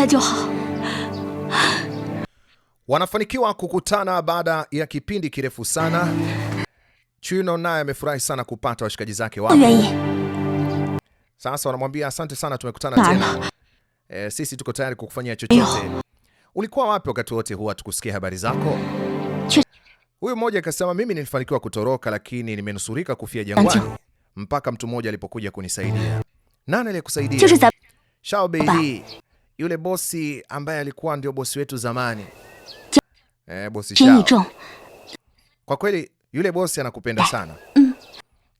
来就好。Wanafanikiwa kukutana baada ya kipindi kirefu sana. Chuno naye amefurahi sana kupata washikaji zake Sasa wanamwambia asante sana, tumekutana tena. E, sisi tuko tayari kukufanyia chochote. Ulikuwa wapi wakati wote huwa tukusikia habari zako? Huyu mmoja akasema mimi nilifanikiwa kutoroka, lakini nimenusurika kufia jangwani mpaka mtu mmoja alipokuja kunisaidia. Nani aliyekusaidia? Shaobei yule bosi ambaye alikuwa ndio bosi wetu zamani. Eh, bosi Shao. Kwa kweli yule bosi anakupenda sana.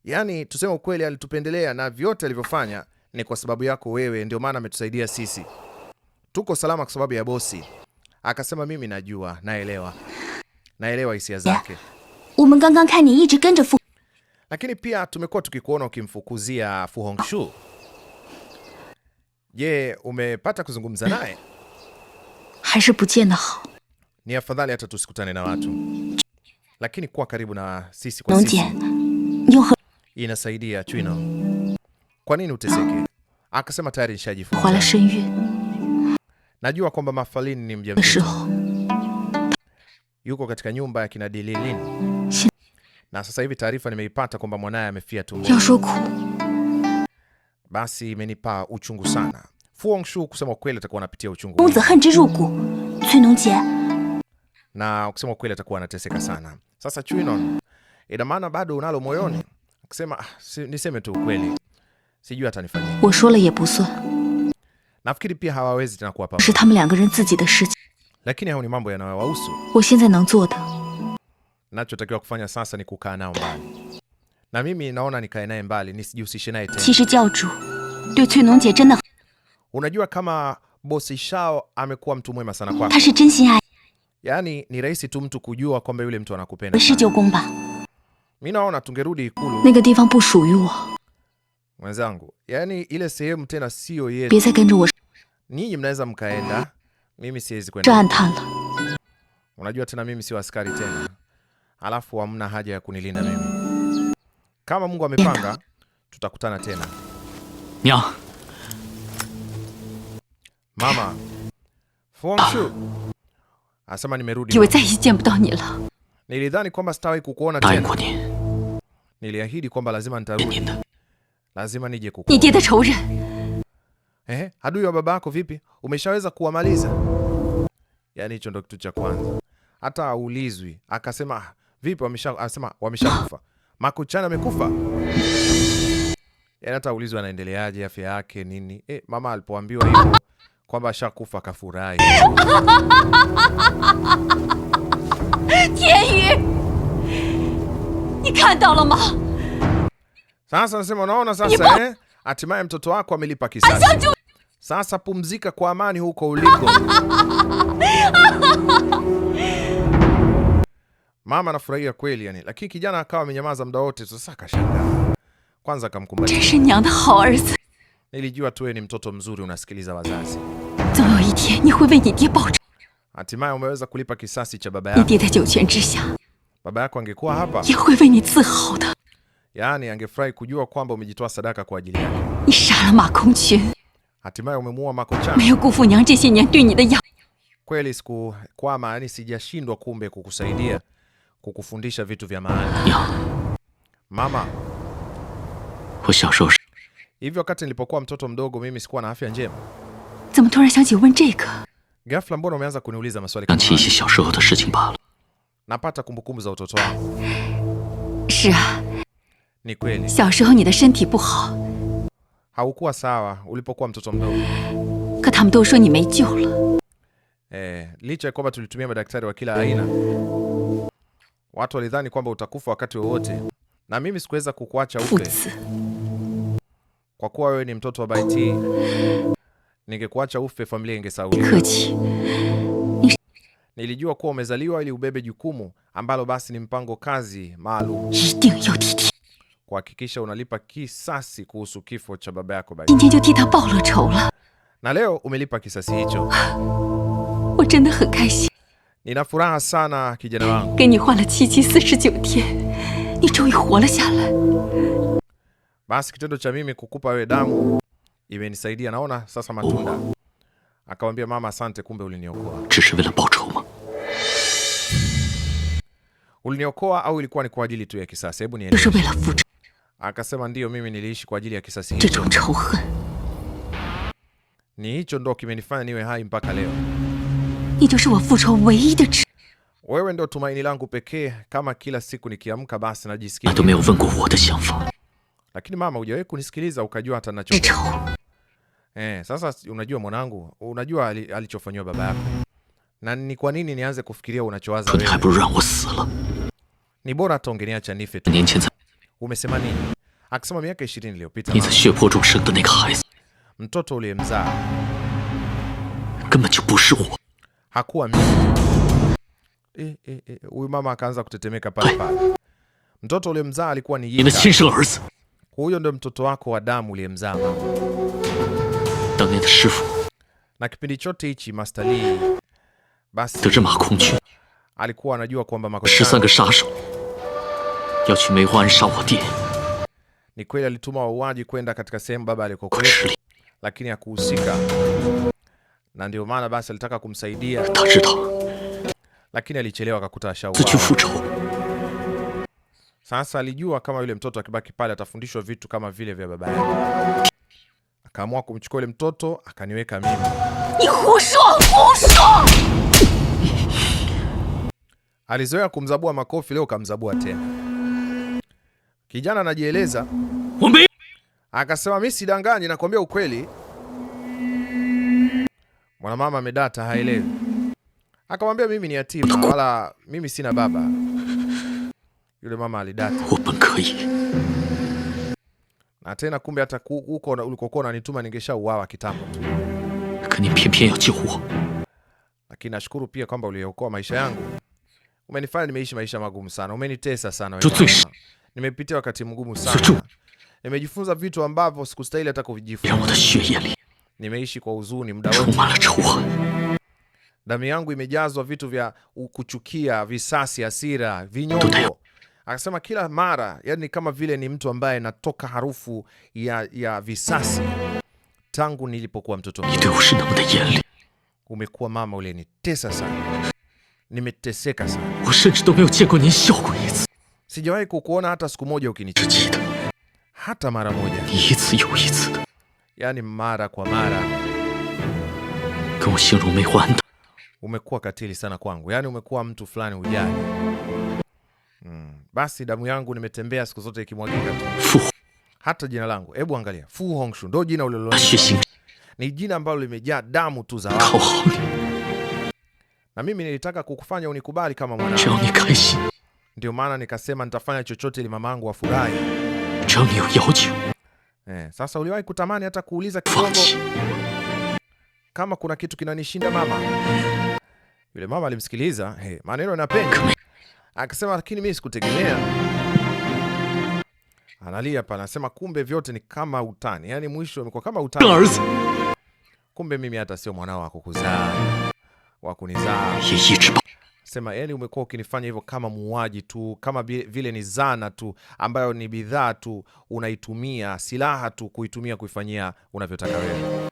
Yaani tuseme ukweli, alitupendelea na vyote alivyofanya ni kwa sababu yako wewe, ndio maana ametusaidia sisi. Tuko salama kwa sababu ya bosi. Akasema mimi najua, naelewa. Naelewa hisia zake. Lakini pia tumekuwa tukikuona ukimfukuzia Fu Hongxue. Je, umepata kuzungumza naye? Ni afadhali hata tusikutane na watu, lakini kuwa karibu na sisi kwa sisi inasaidia. Chwino, kwa nini uteseke? Akasema tayari nishajifunza. Najua kwamba Mafalini ni mjamzito, yuko katika nyumba ya kina Dililin, na sasa hivi taarifa nimeipata kwamba mwanaye amefia tumboni basi imenipa uchungu sana. Fu Hongxue kusema kweli atakuwa anapitia uchungu. Na kusema kweli atakuwa anateseka sana. Sasa Chuinon, ina maana bado unalo moyoni? Ah, si, niseme tu ukweli. Sijui atanifanyia. Nafikiri pia hawawezi tena kuwa pamoja. Lakini hayo ni mambo yanayowahusu. Nachotakiwa kufanya sasa ni kukaa nao mbali na mimi naona nikae naye mbali, nisijihusishe naye tena. Unajua kama bosi Shao amekuwa mtu mwema sana kwangu. Yaani ni rahisi tu mtu kujua kwamba yule mtu anakupenda. Mimi naona tungerudi ikulu. Mwenzangu, yaani ile sehemu tena sio yetu. Ninyi mnaweza mkaenda, mimi siwezi kwenda. Unajua tena mimi si askari tena. Alafu hamna haja ya kunilinda mimi. Kama Mungu amepanga tutakutana tena. Nya. Mama. Fengshu. Asema nimerudi. Nilidhani kwamba sitawahi kukuona tena. Niliahidi kwamba lazima nitarudi. Lazima nije kukuona. Eh, adui wa baba yako vipi? Umeshaweza kuwamaliza? Yaani hicho ndo kitu cha kwanza. Hata aulizwi, akasema ah, vipi wamesha, asema wameshakufa. Makuchana amekufa. Yaani hata ulizwa anaendeleaje, afya yake nini? E, mama alipoambiwa hivyo kwamba ashakufa akafurahi. Sasa nasema unaona sasa eh? Hatimaye mtoto wako amelipa kisasi. Sasa pumzika kwa amani huko uliko. Mama anafurahia kweli yani, lakini kijana akawa amenyamaza muda wote. Sasa akashinda kwanza, akamkumbatia. Nilijua tu ni mtoto mzuri, unasikiliza wazazi. Hatimaye umeweza kulipa kisasi cha baba yako. Baba yako angekuwa hapa, yaani angefurahi kujua kwamba umejitoa sadaka kwa ajili yake. Hatimaye umemuua Ma Kongqun. Kweli sikukwama, yani sijashindwa kumbe kukusaidia kukufundisha vitu vya maana. Mama, hivi wakati nilipokuwa mtoto mdogo mimi sikuwa na afya njema. Ghafla mbona umeanza kuniuliza maswali kama haya? Napata kumbukumbu za utoto wangu. Ni kweli. Haukuwa sawa ulipokuwa mtoto mdogo. Eh, licha ya kwamba tulitumia madaktari wa kila aina Watu walidhani kwamba utakufa wakati wowote, na mimi sikuweza kukuacha ufe, kwa kuwa wewe ni mtoto wa Baiti. Ningekuacha ufe, familia ingesaulika. Nilijua kuwa umezaliwa ili ubebe jukumu ambalo basi ni mpango kazi maalum kuhakikisha unalipa kisasi kuhusu kifo cha baba yako Baiti, na leo umelipa kisasi hicho. Nina furaha sana kijana wangu. Basi kitendo cha mimi kukupa wewe damu imenisaidia, naona sasa matunda. Akamwambia mama, asante, kumbe uliniokoa. Uliniokoa au ilikuwa ni kwa ajili tu ya kisasi? Hebu nieleze. Akasema ndio, mimi niliishi kwa ajili ya kisasi hicho. Ni hicho ndo kimenifanya niwe hai mpaka leo. 你就是我复仇唯一的指。Wewe ndo tumaini langu pekee, kama kila siku nikiamka basi najisikia. Lakini mama, hujawahi kunisikiliza ukajua hata ninachofanya. Eh, sasa unajua mwanangu, unajua alichofanywa baba yako. Na ni kwa nini nianze kufikiria unachowaza wewe? Ni bora hata ungeniacha nife tu. Umesema nini? Akisema miaka 20 iliyopita. Mtoto uliyemzaa hakuwa mimi. Eh, eh, eh, huyu mama akaanza kutetemeka pale pale. Mtoto uliyemzaa alikuwa ni Huyo ndio mtoto wako wa damu uliyemzaa na kipindi chote hichi Master Lee basi alikuwa anajua kwamba ni kweli alituma wauaji kwenda katika sehemu baba alikokuwepo, lakini hakuhusika na ndio maana basi alitaka kumsaidia, lakini alichelewa, akakuta ashauawa. Sasa alijua kama yule mtoto akibaki pale atafundishwa vitu kama vile vya baba yake, akaamua kumchukua yule mtoto akaniweka mimi. Alizoea kumzabua makofi, leo kamzabua tena. Kijana anajieleza, akasema mi sidanganyi, nakwambia ukweli Mwanamama amedata, haelewi. Akamwambia mimi ni yatima, wala mimi sina baba. Yule mama alidata na tena, kumbe hata huko ulikokuwa unanituma ningeshauawa kitambo, tu, lakini nashukuru pia kwamba uliokoa maisha yangu. Umenifanya nimeishi maisha magumu sana, umenitesa sana, nimepitia wakati mgumu sana, nimejifunza vitu ambavyo sikustahili hata kujifunza nimeishi kwa huzuni muda wote, damu yangu imejazwa vitu vya kuchukia, visasi, hasira, vinyongo. Akasema kila mara, yani kama vile ni mtu ambaye natoka harufu ya, ya visasi tangu nilipokuwa mtoto. Umekuwa mama, ulenitesa sana, nimeteseka sana, sijawahi kukuona hata siku moja ukinicheka hata mara moja yani mara kwa mara. Umekuwa katili sana kwangu, yani umekuwa mtu fulani hujali. Mm. Basi damu yangu nimetembea siku zote ikimwagika tu. Hata jina langu, hebu angalia, Fu Hongxue ndio jina ulilo ni jina ambalo limejaa damu tu za watu. Na mimi nilitaka kukufanya unikubali kama mwanangu. Ndio maana nikasema nitafanya chochote ili mama mamangu afurahi. Eh, sasa uliwahi kutamani hata kuuliza kidogo kama kuna kitu kinanishinda mama? Yule mama alimsikiliza hey, eh, maneno napenda akasema, lakini mimi sikutegemea. Analia hapa anasema, kumbe vyote ni kama utani, yaani mwisho umekuwa kama utani. Kumbe mimi hata sio mwanao wa kukuzaa wa kunizaa sema yani, umekuwa ukinifanya hivyo kama muuaji tu, kama vile ni zana tu ambayo ni bidhaa tu, unaitumia silaha tu kuitumia kuifanyia unavyotaka wewe.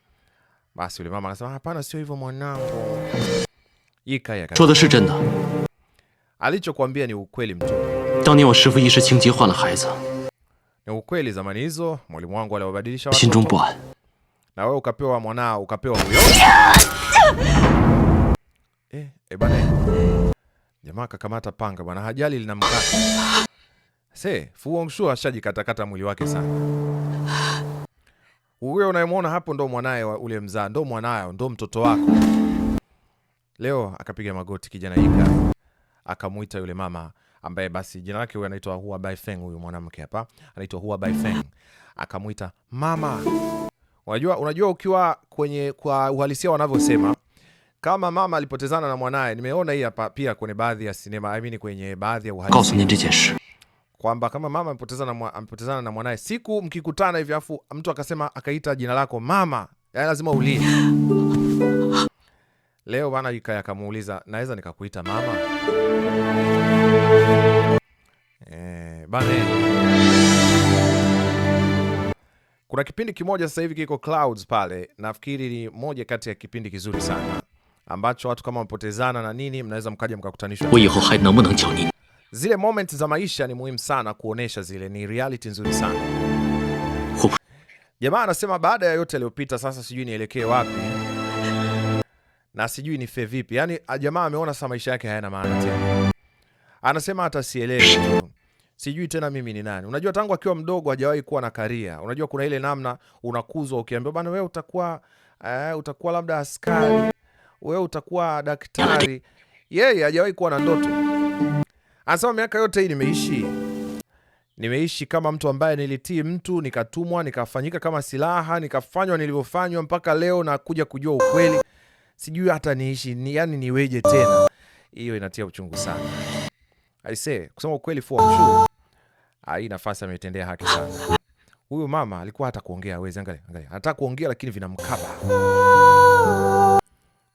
Basi yule mama akasema hapana, sio hivyo mwanangu. Yikaya alichokuambia ni ukweli mtupu ni ukweli. Zamani hizo mwalimu wangu aliwabadilisha watu, na wewe ukapewa mwanao, ukapewa huyo Eh, eh bana. Jamaa kakamata panga bwana, hajali linamkata. Se, Fu Hongxue ashajikatakata mwili wake sana. Uwe unayemwona hapo ndo mwanaye ule mzaa, ndo mwanayo, ndo mtoto wako. Leo akapiga magoti kijana Yika, akamuita yule mama ambaye basi jina lake huyo anaitwa Hua Baifeng. Huyu mwanamke hapa anaitwa Hua Baifeng, akamuita mama. Unajua, unajua ukiwa kwenye kwa uhalisia wanavyosema kama mama alipotezana na mwanaye. Nimeona hii hapa pia kwenye baadhi ya sinema, I mean kwenye baadhi ya uhalisi kwamba kama mama amepotezana na mwanaye, siku mkikutana hivi afu mtu akasema akaita jina lako mama, yaani lazima ulie. Leo bana yuka yakamuuliza, naweza nikakuita mama? Eh, bana kuna kipindi kimoja sasa hivi kiko Clouds pale, nafikiri ni moja kati ya kipindi kizuri sana ambacho watu kama wamepotezana na nini, mnaweza mkaja mkakutanishwa. Zile moment za maisha ni muhimu sana kuonesha, zile ni reality nzuri sana. Jamaa anasema baada ya yote aliyopita, sasa sijui nielekee wapi na sijui nife vipi. Yani jamaa ameona sasa maisha yake hayana maana tena, anasema hata sielewi sijui tena mimi ni nani. Unajua, tangu akiwa mdogo hajawahi kuwa na karia. Unajua, kuna ile namna unakuzwa ukiambiwa bana, wewe utakuwa uh, utakuwa labda askari wewe utakuwa daktari. Yeye hajawahi kuwa na ndoto. Anasema miaka yote hii nimeishi, nimeishi kama mtu ambaye nilitii mtu, nikatumwa, nikafanyika kama silaha, nikafanywa nilivyofanywa, mpaka leo na kuja kujua ukweli. Sijui hata niishi ni, yani niweje tena. Hiyo inatia uchungu sana. Aise, kusema ukweli, fua mshu hii nafasi ametendea haki sana. Huyu mama alikuwa hata kuongea hawezi. Angalia, angalia, anataka kuongea lakini vinamkaba.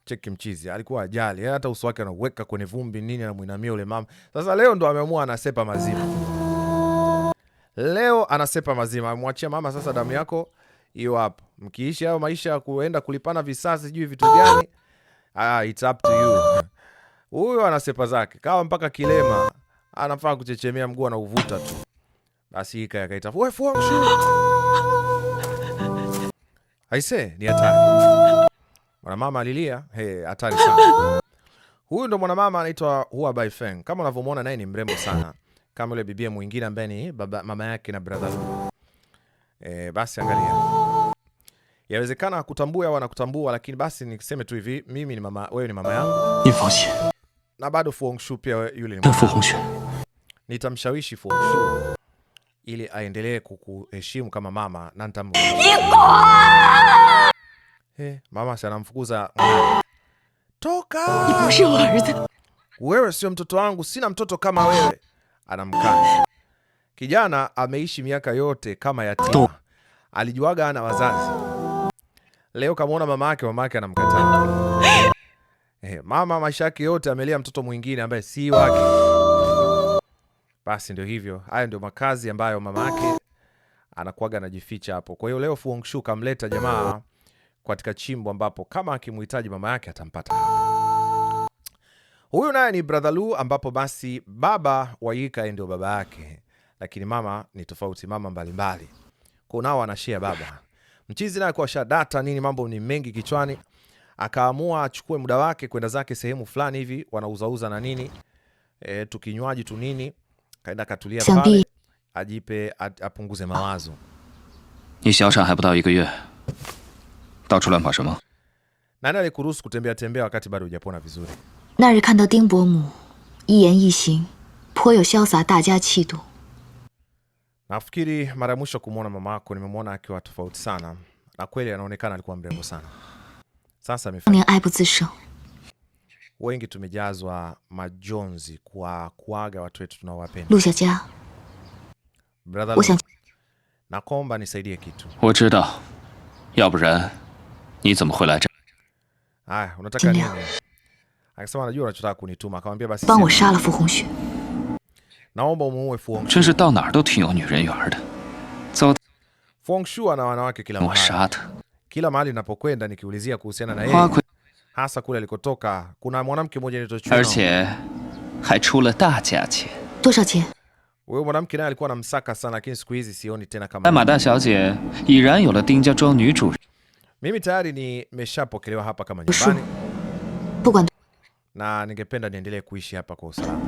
Cheki mchizi alikuwa ajali, hata uso wake anauweka kwenye vumbi nini, anamwinamia ule mama. Sasa leo ndo ameamua anasepa mazima, leo anasepa mazima, amwachia mama. Sasa damu yako hiyo hapo, mkiishi hayo maisha ya kuenda kulipana visasi, sijui vitu gani. Ah, it's up to you. Huyo anasepa zake, kawa mpaka kilema anafaa kuchechemea mguu anauvuta tu, basi ikayakaita wewe, fua aise, ni hatari Mwanamama alilia, hey, hatari sana. Huyu ndo mwanamama anaitwa Hua Baifeng. Kama unavyomwona naye ni mrembo sana kama yule bibia mwingine ambaye ni baba mama yake na brother. Eh, basi angalia. Yawezekana akutambue au anakutambua lakini basi nikiseme tu hivi, mimi ni mama, wewe ni mama yangu. Na bado Fu Hongxue pia yule ni Fu Hongxue. Nitamshawishi Fu Hongxue ili aendelee kukuheshimu kama mama na nitamrudisha. Hey, eh, mama anamfukuza toka, wewe sio mtoto wangu, sina mtoto kama wewe. Anamkana kijana, ameishi miaka yote kama yatima, alijuaga ana wazazi. Leo kamwona mama yake, mama yake anamkataa. Hey, eh, mama maisha yake yote amelea mtoto mwingine ambaye si wake. Basi ndio hivyo, haya ndio makazi ambayo mama yake anakuwaga anajificha hapo. Kwa hiyo leo Fu Hongxue kamleta jamaa katika chimbo ambapo kama akimhitaji mama yake atampata hapo. Huyu naye ni brother Lu, ambapo basi baba wa Yika ndio baba yake, lakini mama ni tofauti, mama mbalimbali kunao anashia baba. Mchizi naye kwa shadata nini, mambo ni mengi kichwani, akaamua achukue muda wake kwenda zake sehemu fulani hivi wanauzauza na nini e, tukinywaji tu nini, kaenda katulia pale ajipe apunguze mawazo. ni 到处乱跑什么？难道 alikuruhusu kutembea tembea mara mwisho kumwona mama yako nimemwona akiwa tofauti sana, na kweli anaonekana alikuwa mrembo sana. Sasa amefanya Wengi tumejazwa majonzi kwa kuaga watu wetu tunawapenda. Lujaja. Brother, naomba nisaidie kitu. yabran 你怎么会来这？哎，金良，帮我杀了傅红雪。真是到哪儿都挺有女人缘的。走，帮我杀他。红雪，而且还出了大价钱。多少钱？哎，马大小姐已然有了丁家庄女主人。Mimi tayari nimeshapokelewa hapa kama nyumbani na ningependa niendelee kuishi hapa kwa usalama.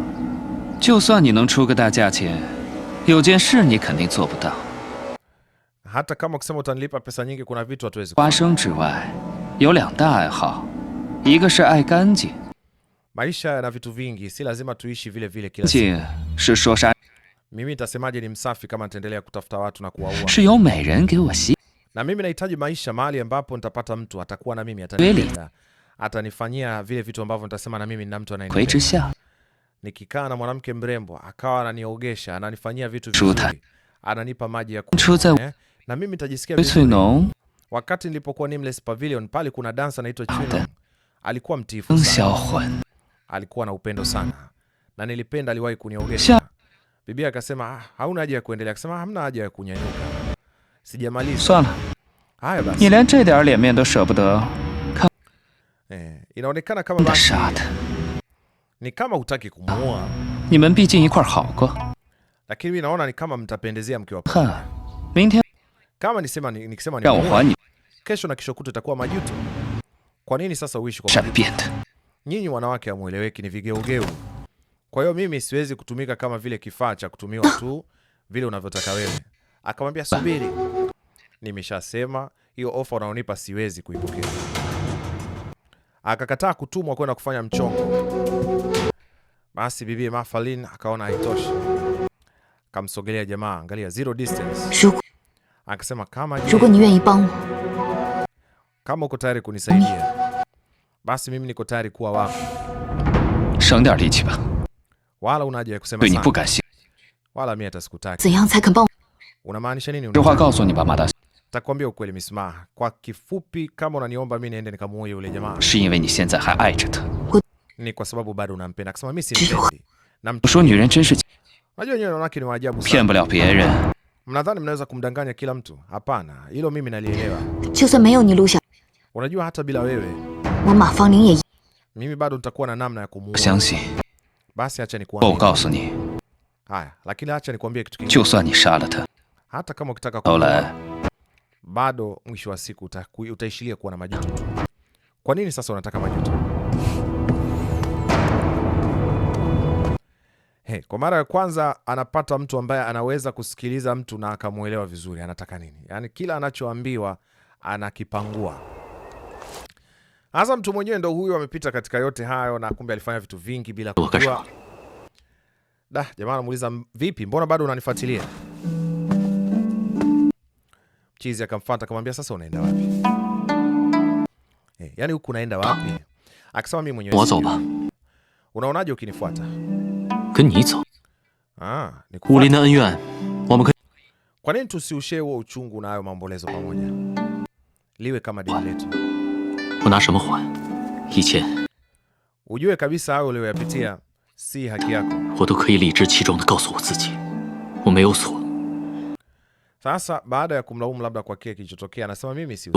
Hata kama ukisema utanilipa pesa nyingi, kuna vitu hatuwezi. Maisha yana vitu vingi, si lazima tuishi vile vile kila siku. Mimi nitasemaje ni msafi kama nitaendelea kutafuta watu na kuwaua? na mimi nahitaji maisha mahali ambapo nitapata mtu atakuwa na mimi atanipenda, atanifanyia vile vitu ambavyo nitasema na mimi nina mtu anayenipenda. Nikikaa na mwanamke mrembo akawa ananiogesha, ananifanyia vitu vizuri, ananipa maji ya kunywa eh, na mimi nitajisikia vizuri. Wakati nilipokuwa Nameless Pavilion pale kuna dansa anaitwa Chino, alikuwa mtifu sana, alikuwa na upendo sana na nilipenda, aliwahi kuniogesha. Bibi akasema, ah, hauna haja ya kuendelea. Akasema ah, hamna haja ya kunyanyuka Sijamaliza. Haya kama Ni Lakini mimi naona ni kama mtapendezea Kama ni kesho na kesho kutu itakuwa majuto. Kwa nini sasa uishi kwa Nyinyi wanawake hamueleweki, ni vigeugeu. Kwa hiyo mimi siwezi kutumika kama vile kifaa cha kutumiwa tu vile unavyotaka wewe. Akamwambia subiri nimeshasema hiyo ofa unaonipa siwezi kuipokea. Akakataa kutumwa kwenda kufanya mchongo. Basi bibi Mafalin akaona haitoshi, kamsogelea jamaa, angalia zero distance, akasema kama kama uko tayari kunisaidia, basi mimi niko tayari kuwa wako, wala una haja ya kusema sana, wala mimi hata sikutaki. Unamaanisha nini? takwambia ukweli misma, kwa kifupi, kama unaniomba mi niende nikamuoe yule jamaa ni kwa sababu bado unampenda. Akasema mi si simpendi. Najua nyewe wanawake ni waajabu sana. Mnadhani mnaweza kumdanganya kila mtu? Hapana, hilo mimi nalielewa. Unajua hata bila wewe mimi bado nitakuwa na namna ya kumuua. Basi acha nikuambie. Haya, lakini acha nikuambie kitu kingine. Hata kama ukitaka kumuua bado mwisho wa siku utaishilia kuwa na majuto. Kwa nini sasa unataka majuto? Hey, kwa mara ya kwanza anapata mtu ambaye anaweza kusikiliza mtu na akamwelewa vizuri anataka nini. Yaani kila anachoambiwa anakipangua. Hasa mtu mwenyewe ndo huyu amepita katika yote hayo na kumbe alifanya vitu vingi bila kujua. Da, jamaa anamuuliza vipi, mbona bado unanifuatilia? Chizi akamfuata akamwambia, sasa unaenda wapi? Eh, yani huku unaenda wapi? Akasema mimi mwenyewe. Unaonaje ukinifuata? Ah, nikufata. Kwa nini tusiushe huo uchungu na hayo maombolezo pamoja? Liwe kama deni letu. Ujue kabisa hayo uliyoyapitia si haki yako. Sasa baada ya kumlaumu labda kwa kile kilichotokea, anasema mimi si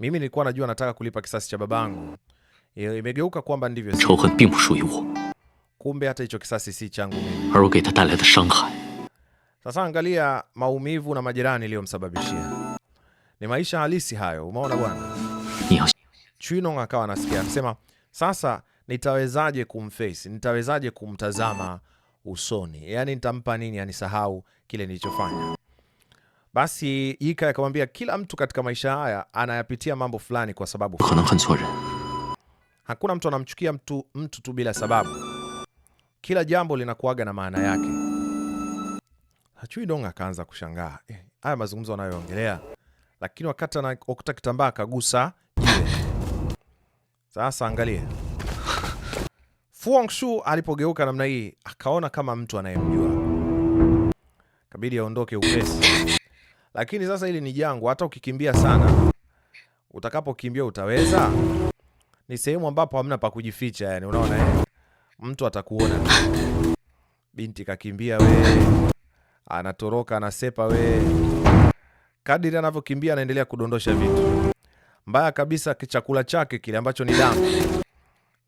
mimi, nilikuwa najua nataka kulipa kisasi cha babangu, imegeuka kwamba ndivyo kumbe hata hicho kisasi si changu Sasa angalia maumivu na majeraha niliyomsababishia, ni maisha halisi hayo. Umeona bwana, Chino akawa anasikia anasema, sasa nitawezaje kumface, nitawezaje kumtazama usoni, yani nitampa nini anisahau kile nilichofanya. Basi Yika akamwambia kila mtu katika maisha haya anayapitia mambo fulani kwa sababu hakuna mtu anamchukia mtu, mtu tu bila sababu. Kila jambo linakuaga na maana yake. Hachui Dong akaanza kushangaa eh, haya mazungumzo anayoongelea, lakini wakati anaokota kitambaa akagusa jiwe. Sasa angalia Fu Hongxue alipogeuka namna hii akaona kama mtu anayemjua, kabidi aondoke upesi. Lakini sasa hili ni jangwa, hata ukikimbia sana, utakapokimbia utaweza? Ni sehemu ambapo hamna pa kujificha, yani unaona eh? Mtu atakuona. Binti kakimbia, we anatoroka, anasepa, we kadiri anavyokimbia anaendelea kudondosha vitu mbaya kabisa, chakula chake kile ambacho ni damu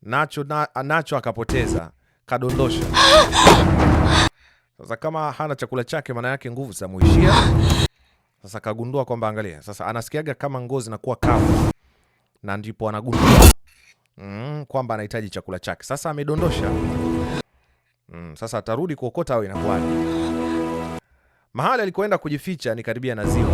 nacho, na, nacho akapoteza kadondosha. Sasa kama hana chakula chake, maana yake nguvu zitamuishia. Sasa kagundua kwamba angalia, sasa anasikiaga kama ngozi inakuwa kavu, na ndipo anagundua mm, kwamba anahitaji chakula chake. Sasa amedondosha mm, sasa atarudi kuokota au inakuwaje? Mahali alikoenda kujificha ni karibia na ziwa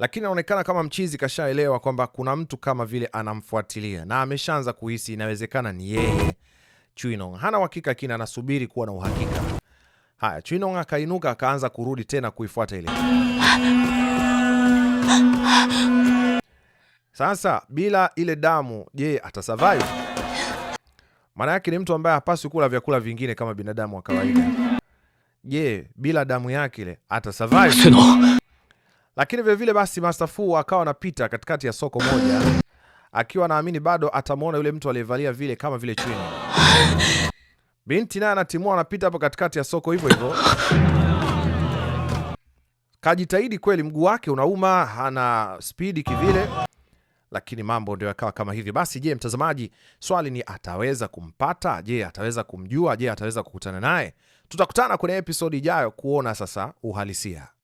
lakini anaonekana kama mchizi kashaelewa kwamba kuna mtu kama vile anamfuatilia na ameshaanza kuhisi inawezekana ni yeye. Chuinong hana uhakika, lakini anasubiri kuwa na uhakika. Haya, Chuinong akainuka akaanza kurudi tena kuifuata ile. Sasa bila ile damu, je, atasurvive? Maana yake ni mtu ambaye hapaswi kula vyakula vingine kama binadamu wa kawaida. Je, bila damu yake ile atasurvive? Lakini vilevile basi Master Fu akawa anapita katikati ya soko moja akiwa naamini bado atamwona yule mtu aliyevalia vile kama vile chini. Binti naye anatimua, anapita hapo katikati ya soko hivyo hivyo. Kajitahidi kweli, mguu wake unauma, hana spidi kivile, lakini mambo ndio yakawa kama hivyo Basi je, mtazamaji, swali ni ataweza kumpata? Je, ataweza kumjua? Je, ataweza kukutana naye? Tutakutana kwenye episodi ijayo kuona sasa uhalisia.